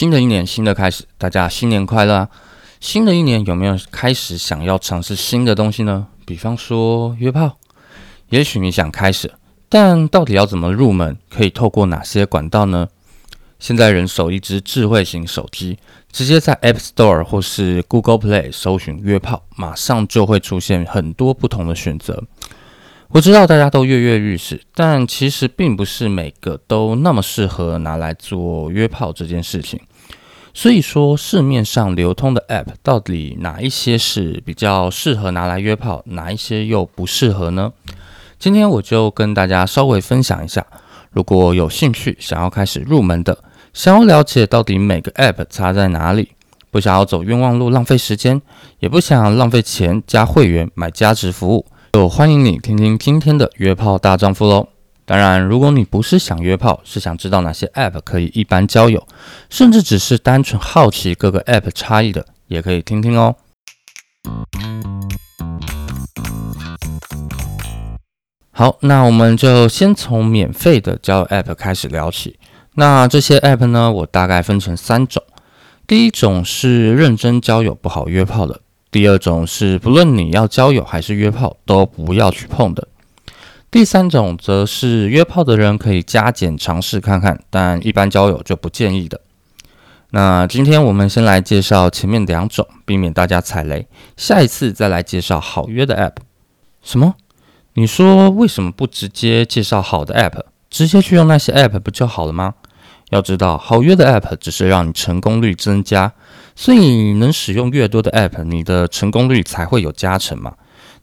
新的一年，新的開始，大家新年快樂啊！新的一年有沒有開始想要嘗試新的東西呢？比方說約炮，也許你想開始，但到底要怎麼入門？可以透過哪些管道呢？現在人手一隻智慧型手機，直接在 App Store 或是 Google Play 搜尋約炮，馬上就會出現很多不同的選擇。我知道大家都躍躍欲試，但其實並不是每個都那麼適合拿來做約炮這件事情。所以說，市面上流通的 App 到底哪一些是比較適合拿來約炮，哪一些又不適合呢？今天我就跟大家稍微分享一下。如果有興趣想要開始入門的，想要了解到底每個 App 差在哪裡，不想要走冤枉路浪費時間，也不想浪費錢加會員買加值服務，就歡迎你聽聽今天的約炮大丈夫嘍。當然，如果你不是想約炮，是想知道哪些 app 可以一般交友，甚至只是單純好奇各個 app 差異的，也可以聽聽哦。好，那我們就先從免費的交友 app 開始聊起。那這些 app 呢，我大概分成三種：第一種是認真交友不好約炮的；第二種是不論你要交友還是約炮，都不要去碰的。第三種則是約炮的人可以加減嘗試看看，但一般交友就不建議的。那今天我們先來介紹前面兩種，避免大家踩雷。下一次再來介紹好約的 app。什麼？你說為什麼不直接介紹好的 app？直接去用那些 app 不就好了嗎？要知道，好約的 app 只是讓你成功率增加，所以你能使用越多的 app，你的成功率才會有加成嘛。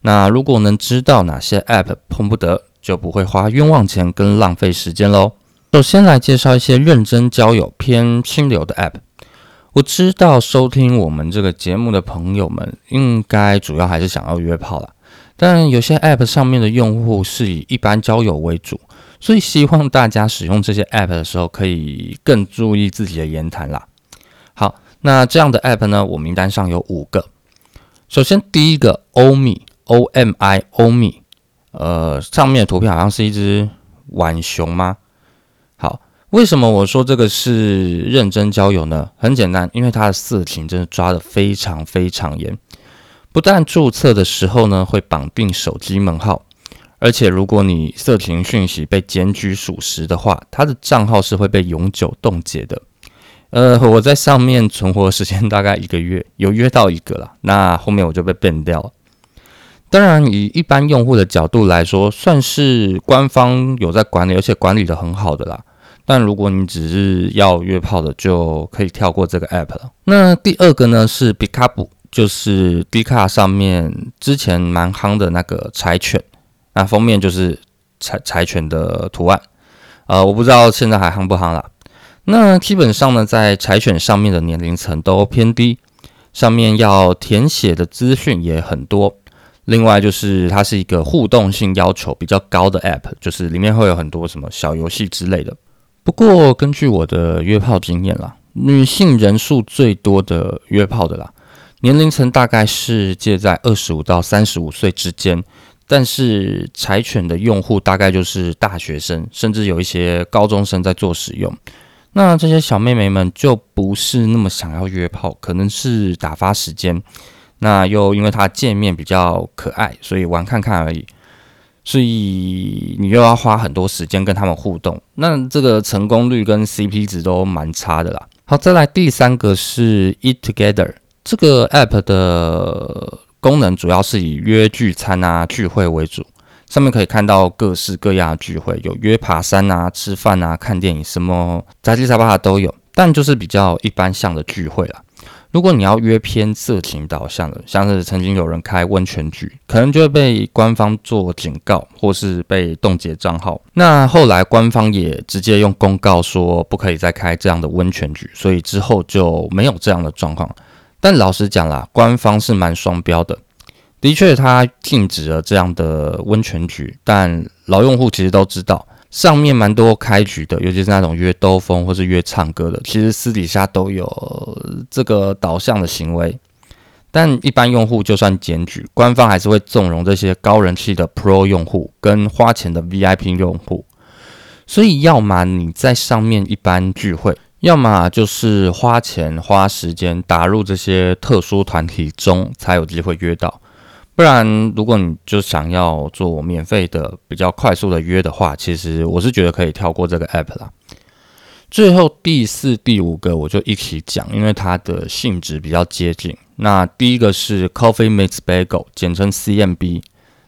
那如果能知道哪些 APP 碰不得，就不會花冤枉錢跟浪費時間嘍。首先來介紹一些認真交友偏清流的 APP。我知道收聽我們這個節目的朋友們，應該主要還是想要約炮啦。但有些 APP 上面的用戶是以一般交友為主，所以希望大家使用這些 APP 的時候，可以更注意自己的言談啦。好，那這樣的 APP 呢，我名單上有五個。首先第一個 Omi。O M I OMI 呃，上面的圖片好像是一只浣熊嗎？好，為什麼我說這個是認真交友呢？很簡單，因為它的色情真的抓得非常非常嚴。不但注冊的時候呢，會綁定手機門號，而且如果你色情訊息被檢舉屬實的話，他的賬號是會被永久凍結的。呃，我在上面存活的時間大概一個月，有約到一個了，那後面我就被 ban 掉了。當然，以一般用戶的角度來說，算是官方有在管理，而且管理得很好的啦。但如果你只是要約炮的，就可以跳過這個 App 了。那第二個呢是 Pikabu，就是 Dcard 上面之前蠻夯的那個柴犬，那封面就是柴柴犬的圖案。呃，我不知道現在還夯不夯啦，那基本上呢，在柴犬上面的年齡層都偏低，上面要填寫的資訊也很多。另外就是它是一個互動性要求比較高的 APP，就是裡面會有很多什麼小遊戲之類的。不過根據我的約炮經驗啦，女性人數最多的約炮的啦，年齡層大概是介在二十五到三十五歲之間。但是柴犬的用戶大概就是大學生，甚至有一些高中生在做使用。那這些小妹妹們就不是那麼想要約炮，可能是打發時間。那又因為它界面比較可愛，所以玩看看而已。所以你又要花很多時間跟他們互動，那這個成功率跟 CP 值都蠻差的啦。好，再來第三個是 Eatgether 這個 app 的功能，主要是以約聚餐啊、聚會為主。上面可以看到各式各樣的聚會，有約爬山啊、吃飯啊、看電影什麼雜七雜八的都有，但就是比較一般向的聚會啦。如果你要約偏色情導向的，像是曾經有人開溫泉局，可能就會被官方做警告，或是被凍結賬號。那後來官方也直接用公告說不可以再開這樣的溫泉局，所以之後就沒有這樣的狀況。但老實講啦，官方是蠻雙標的，的確他禁止了這樣的溫泉局，但老用戶其實都知道。上面蠻多開局的，尤其是那種約兜風或是約唱歌的,其實私底下都有這個導向的行為。但一般用戶就算檢舉，官方還是會縱容這些高人氣的 Pro 用戶跟花錢的 VIP 用戶。所以，要麼你在上面一般聚會，要麼就是花錢花時間打入這些特殊團體中，才有機會約到。不然，如果你就想要做免費的、比較快速的約的話，其實我是覺得可以跳過這個 app 啦。最後第四、第五個我就一起講，因為它的性質比較接近。那第一個是 Coffee Meets Bagel，簡稱 CMB，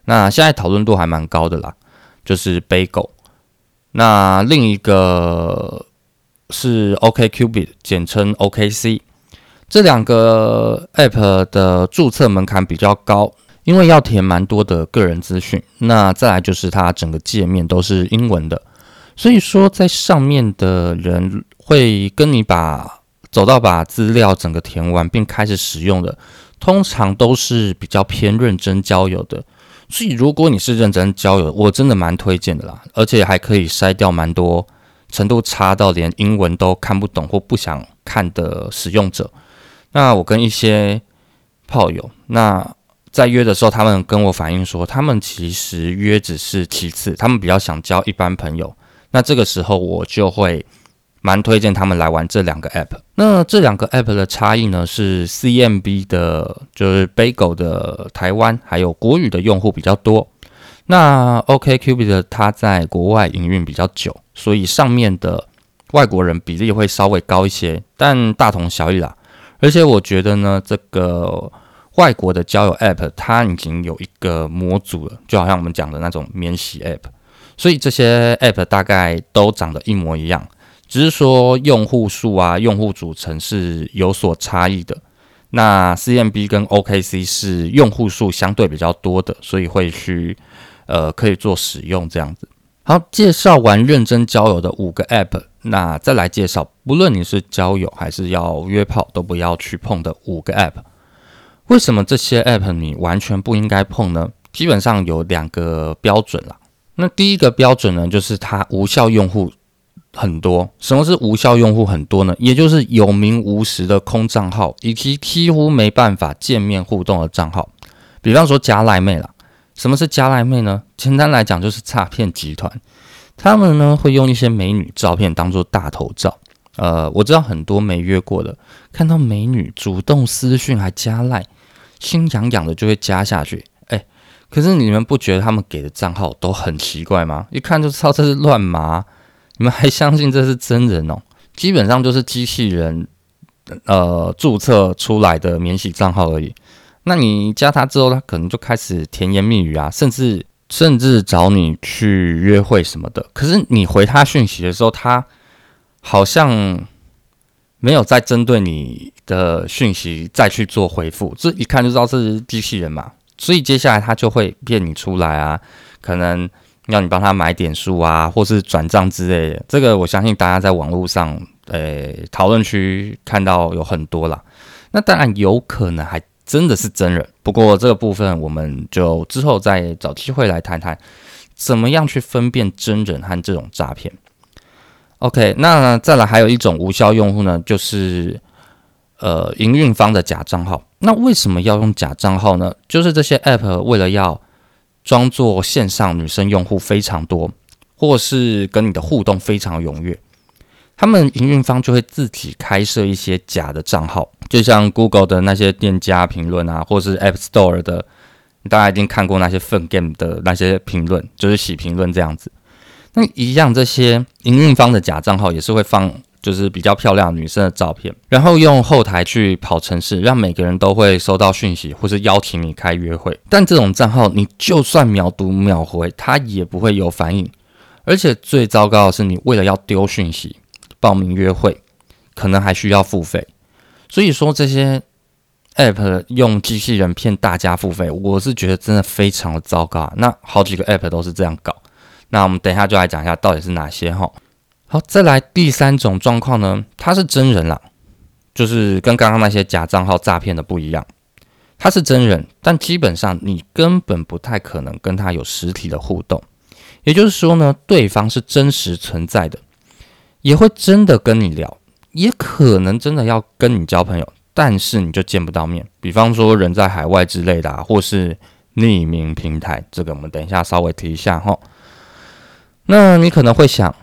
那現在討論度還蠻高的啦，就是 Bagel。那另一個是 OkCupid，簡稱 OKC，這兩個 app 的註冊門檻比較高。因為要填蠻多的個人資訊，那再來就是它整個界面都是英文的，所以說在上面的人會跟你把走到把資料整個填完，並開始使用的，通常都是比較偏認真交友的。所以如果你是認真交友，我真的蠻推薦的啦，而且還可以篩掉蠻多程度差到連英文都看不懂或不想看的使用者。那我跟一些炮友那。在約的時候，他們跟我反映說，他們其實約只是其次，他們比較想交一般朋友。那這個時候，我就會蠻推薦他們來玩這兩個 app。那這兩個 app 的差異呢，是 CMB 的就是 Bagel 的台灣還有國語的用戶比較多。那 OkCupid 它在國外營運比較久，所以上面的外國人比例會稍微高一些，但大同小異啦。而且我覺得呢，這個。外國的交友 App 它已經有一個模組了，就好像我們講的那種免洗 App，所以這些 App 大概都長得一模一樣，只是說用戶數啊、用戶組成是有所差異的。那 CMB 跟 OKC 是用戶數相對比較多的，所以會去呃可以做使用這樣子。好，介紹完認真交友的五個 App，那再來介紹，不論你是交友還是要約炮都不要去碰的五個 App。為什麼這些 app 你完全不應該碰呢？基本上有兩個標準啦。那第一個標準呢，就是它無效用戶很多。什麼是無效用戶很多呢？也就是有名無實的空賬號，以及幾乎沒辦法見面互動的賬號。比方說加賴妹啦。什麼是加賴妹呢？簡單來講就是詐騙集團。他們呢，會用一些美女照片當做大頭照。呃，我知道很多沒約過的，看到美女主動私訊還加賴。心癢癢的就會加下去，哎、欸，可是你們不覺得他們給的賬號都很奇怪嗎？一看就知道這是亂碼，你們還相信這是真人哦？基本上就是機器人，呃，註冊出來的免洗賬號而已。那你加他之後，他可能就開始甜言蜜語啊，甚至甚至找你去約會什麼的。可是你回他訊息的時候，他好像……沒有再針對你的訊息再去做回復，這一看就知道是機器人嘛，所以接下來他就會騙你出來啊，可能要你幫他買點數啊，或是轉賬之類的。這個我相信大家在網絡上，呃，討論區看到有很多啦。那當然有可能還真的是真人，不過這個部分我們就之後再找機會來談談，怎麼樣去分辨真人和這種詐騙。OK，那再來還有一種無效用戶呢，就是呃營運方的假賬號。那為什麼要用假賬號呢？就是這些 App 為了要裝作線上女生用戶非常多，或是跟你的互動非常踴躍，他們營運方就會自己開設一些假的賬號，就像 Google 的那些店家評論啊，或是 App Store 的，你大家一定看過那些 Fun Game 的那些評論，就是洗評論這樣子。一樣，這些營運方的假賬號也是會放，就是比較漂亮女生的照片，然後用後台去跑程式，讓每個人都會收到訊息，或是邀請你開約會。但這種賬號，你就算秒讀秒回，它也不會有反應。而且最糟糕的是，你為了要丟訊息、報名約會，可能還需要付費。所以說，這些 app 用機器人騙大家付費，我是覺得真的非常的糟糕啊。那好幾個 app 都是這樣搞。那我們等一下就來講一下到底是哪些哈、哦。好，再來第三種狀況呢，它是真人啦，就是跟剛剛那些假賬號詐騙的不一樣，它是真人，但基本上你根本不太可能跟他有實體的互動。也就是說呢，對方是真實存在的，也會真的跟你聊，也可能真的要跟你交朋友，但是你就見不到面，比方說人在海外之類的、啊，或是匿名平台，這個我們等一下稍微提一下哈、哦。那你可能會想，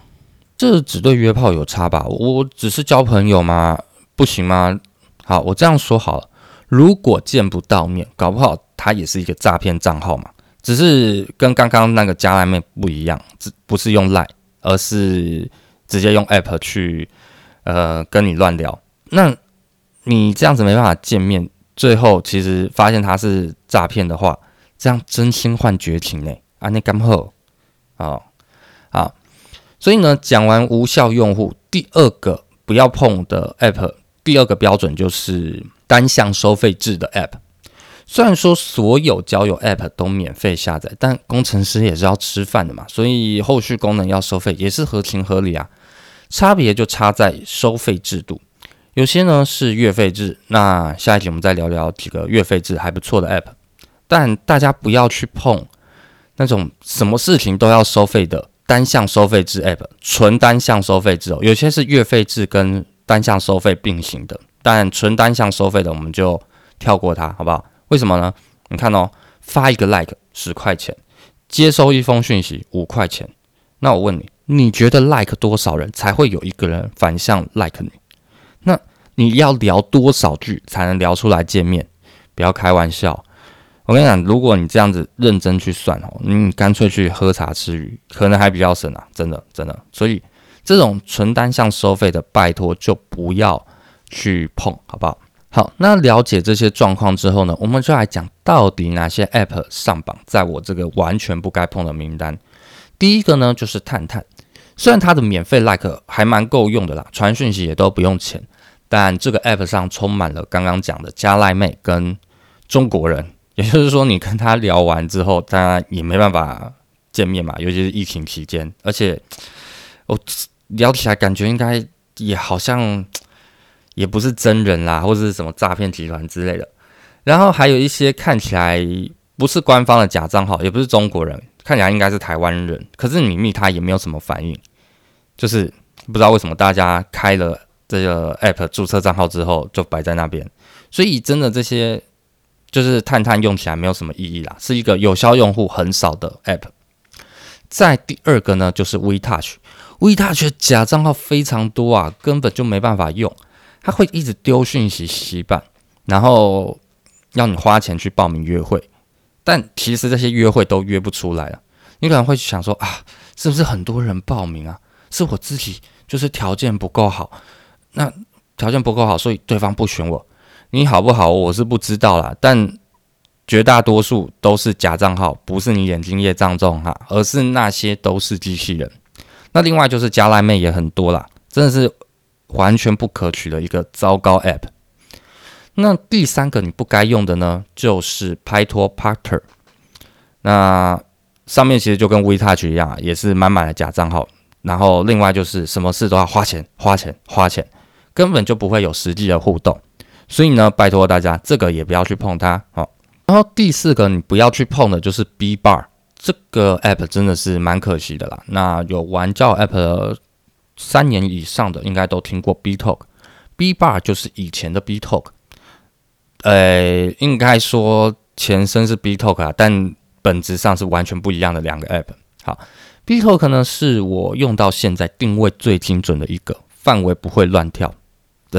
這只對約炮有差吧？我只是交朋友嗎？不行嗎？好，我這樣說好了，如果見不到面，搞不好他也是一個詐騙賬號嘛。只是跟剛剛那個加賴妹不一樣，不是用賴，而是直接用 app 去，呃，跟你亂聊。那你這樣子沒辦法見面，最後其實發現它是詐騙的話，這樣真心換絕情嘞啊！你剛好好、哦。所以呢，講完無效用戶，第二個不要碰的 app，第二個標準就是單向收費制的 app。雖然說所有交友 app 都免費下載，但工程師也是要吃飯的嘛，所以後續功能要收費也是合情合理啊。差別就差在收費制度，有些呢是月費制。那下一期我們再聊聊幾個月費制還不錯的 app，但大家不要去碰那種什麼事情都要收費的。單項收費制 APP，純單項收費制哦，有些是月費制跟單項收費並行的，但純單項收費的我們就跳過它，好不好？為什麼呢？你看哦，發一個 like 十塊錢，接收一封訊息五塊錢。那我問你，你覺得 like 多少人才會有一個人反向 like 你？那你要聊多少句才能聊出來見面？不要開玩笑。我跟你講，如果你這樣子認真去算哦，你、嗯、乾脆去喝茶吃魚，可能還比較省啊！真的真的，所以這種純單向收費的，拜托就不要去碰，好不好？好，那了解這些狀況之後呢，我們就來講到底哪些 App 上榜，在我這個完全不該碰的名單。第一個呢，就是探探。雖然它的免費 like 還蠻夠用的啦，傳訊息也都不用錢，但這個 App 上充滿了剛剛講的加賴妹跟中國人。也就是說，你跟他聊完之後，大家也沒辦法見面嘛，尤其是疫情期間。而且我、哦、聊起來感覺應該也好像也不是真人啦，或者是什麼詐騙集團之類的。然後還有一些看起來不是官方的假賬號，也不是中國人，看起來應該是台灣人。可是你密他也沒有什麼反應，就是不知道為什麼大家開了這個 app 註冊賬號之後就擺在那邊。所以，以真的這些。就是探探，用起來沒有什麼意義啦，是一個有效用戶很少的 app。再第二個呢，就是 weTouch，weTouch 假賬號非常多啊，根本就沒辦法用，它會一直丟訊息洗版，然後要你花錢去報名約會，但其實這些約會都約不出來了。你可能會想說啊，是不是很多人報名啊？是我自己就是條件不夠好，那條件不夠好，所以對方不選我。你好不好，我是不知道啦，但絕大多數都是假賬號，不是你眼睛業障重哈，而是那些都是機器人。那另外就是加賴妹也很多啦，真的是完全不可取的一個糟糕 app。那第三個你不該用的呢，就是拍拖 Paktor。那上面其實就跟 weTouch 一樣啊，也是滿滿的假賬號。然後另外就是什麼事都要花錢，花錢，花錢，根本就不會有實際的互動。所以呢，拜託大家，這個也不要去碰它。好、哦，然後第四個你不要去碰的就是 Beebar 這個 app，真的是蠻可惜的啦，那有玩交 app 了三年以上的，應該都聽過 B talk，Beebar 就是以前的 B talk、呃。應該說前身是 B talk 啊，但本質上是完全不一樣的兩個 app 好。好，B talk 呢是我用到現在定位最精準的一個，範圍不會亂跳。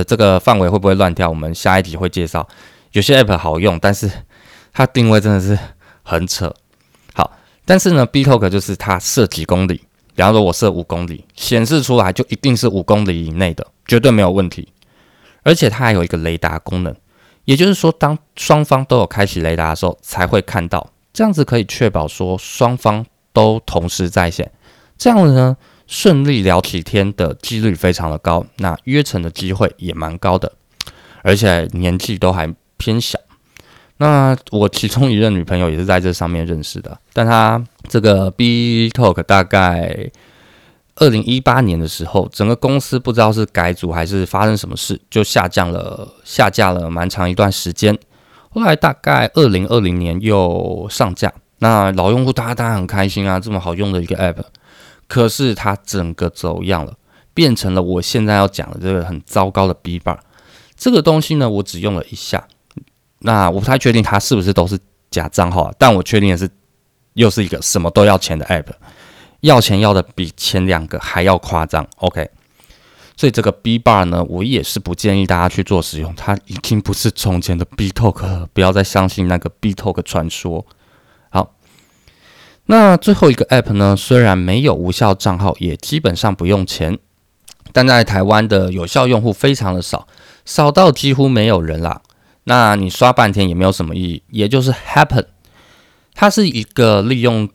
這個範圍會不會亂跳？我們下一集會介紹。有些 app 好用，但是它定位真的是很扯。好，但是呢，B Talk 就是它設幾公里，比方說我設五公里，顯示出來就一定是五公里以內的，絕對沒有問題。而且它還有一個雷達功能，也就是說，當雙方都有開啟雷達的時候，才會看到。這樣子可以確保說雙方都同時在線。這樣子呢，順利聊幾天的幾率非常的高，那約成的機會也蠻高的，而且年紀都還偏小。那我其中一任女朋友也是在這上面認識的，但她這個 B Talk 大概二零一八年的時候，整個公司不知道是改組還是發生什麼事，就下降了，下架了蠻長一段時間。後來大概二零二零年又上架，那老用戶大家當然很開心啊，這麼好用的一個 App。可是它整個走樣了，變成了我現在要講的這個很糟糕的 B bar。這個東西呢，我只用了一下，那我不太確定它是不是都是假賬號啊，但我確定的是又是一個什麼都要錢的 app，要錢要的比前兩個還要誇張。OK，所以這個 B bar 呢，我也是不建議大家去做使用，它已經不是從前的 B talk 了，不要再相信那個 B talk 傳說。那最後一個 App 呢？雖然沒有無效賬號，也基本上不用錢，但在台灣的有效用戶非常的少，少到幾乎沒有人啦。那你刷半天也沒有什麼意義。也就是 happn，它是一個利用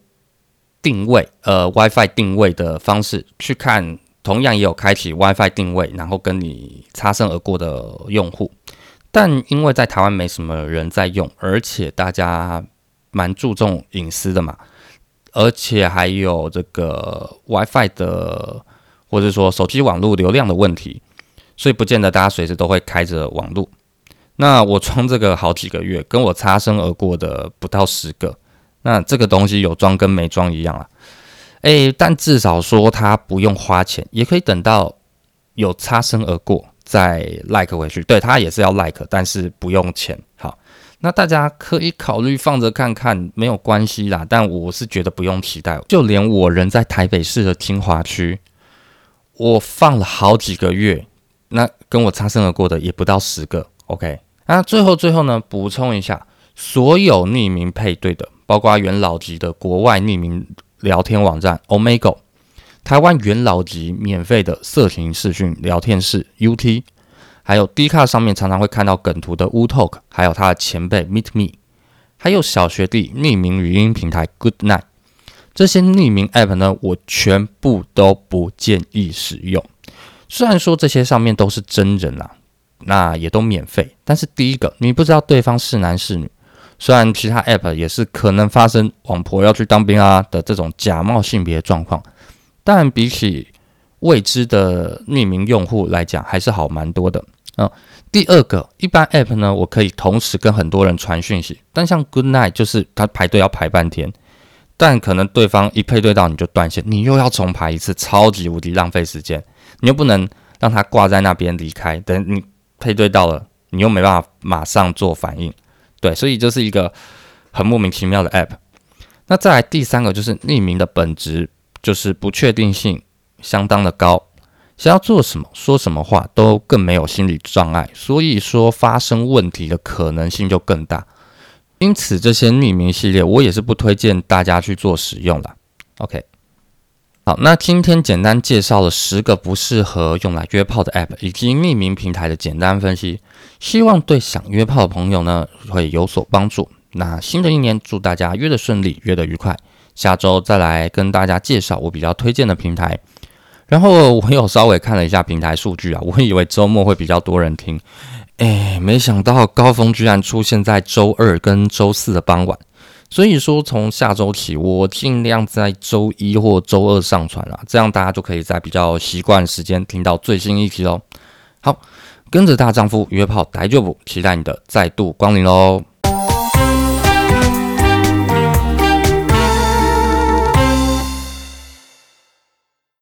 定位，呃，WiFi 定位的方式去看，同樣也有開啟 WiFi 定位，然後跟你擦身而過的用戶，但因為在台灣沒什麼人在用，而且大家蠻注重隱私的嘛。而且還有這個 WiFi 的，或者說手機網絡流量的問題，所以不見得大家隨時都會開着網絡那我裝這個好幾個月，跟我擦身而過的不到十個，那這個東西有裝跟沒裝一樣啊。誒，但至少說它不用花錢，也可以等到有擦身而過再 like 回去。對，它也是要 like，但是不用錢。那大家可以考慮放着看看，沒有關係啦。但我是覺得不用期待，就連我人在台北市的清華區，我放了好幾個月，那跟我擦身而過的也不到十個。OK，那最後最後呢，補充一下，所有匿名配對的，包括元老級的國外匿名聊天網站 Omegle，台灣元老級免費的色情視訊聊天室 UT。還有 D 卡上面常常會看到梗圖的 Wootalk，還有他的前輩 Meet Me，還有小學弟匿名語音平台 Good Night，這些匿名 App 呢，我全部都不建議使用。雖然說這些上面都是真人啦，那也都免費，但是第一個你不知道對方是男是女。雖然其他 App 也是可能發生網婆要去當兵啊的這種假冒性別狀況，但比起未知的匿名用戶來講，還是好蠻多的啊、哦！第二個，一般 app 呢，我可以同時跟很多人傳訊息，但像 Goodnight 就是，他排隊要排半天，但可能對方一配對到你就斷線，你又要重排一次，超級無敵浪費時間，你又不能讓他掛在那邊離開，等你配對到了，你又沒辦法馬上做反應，對，所以這是一個很莫名其妙的 app。那再來第三個就是匿名的本質就是不確定性，相當的高，想要做什麼、說什麼話都更沒有心理障礙，所以說發生問題的可能性就更大。因此，這些匿名系列我也是不推薦大家去做使用了。OK，好，那今天簡單介紹了十個不適合用來約炮的 App 以及匿名平台的簡單分析，希望對想約炮的朋友呢會有所幫助。那新的一年祝大家約得順利，約得愉快。下周再來跟大家介紹我比較推薦的平台。然後我有稍微看了一下平台數據啊，我以為周末會比較多人聽，哎，沒想到高峰居然出現在周二跟周四的傍晚。所以說從下周起，我儘量在周一或周二上傳了啊，這樣大家就可以在比較習慣的時間聽到最新一期嘍。好，跟着大丈夫約炮大丈夫，期待你的再度光臨嘍。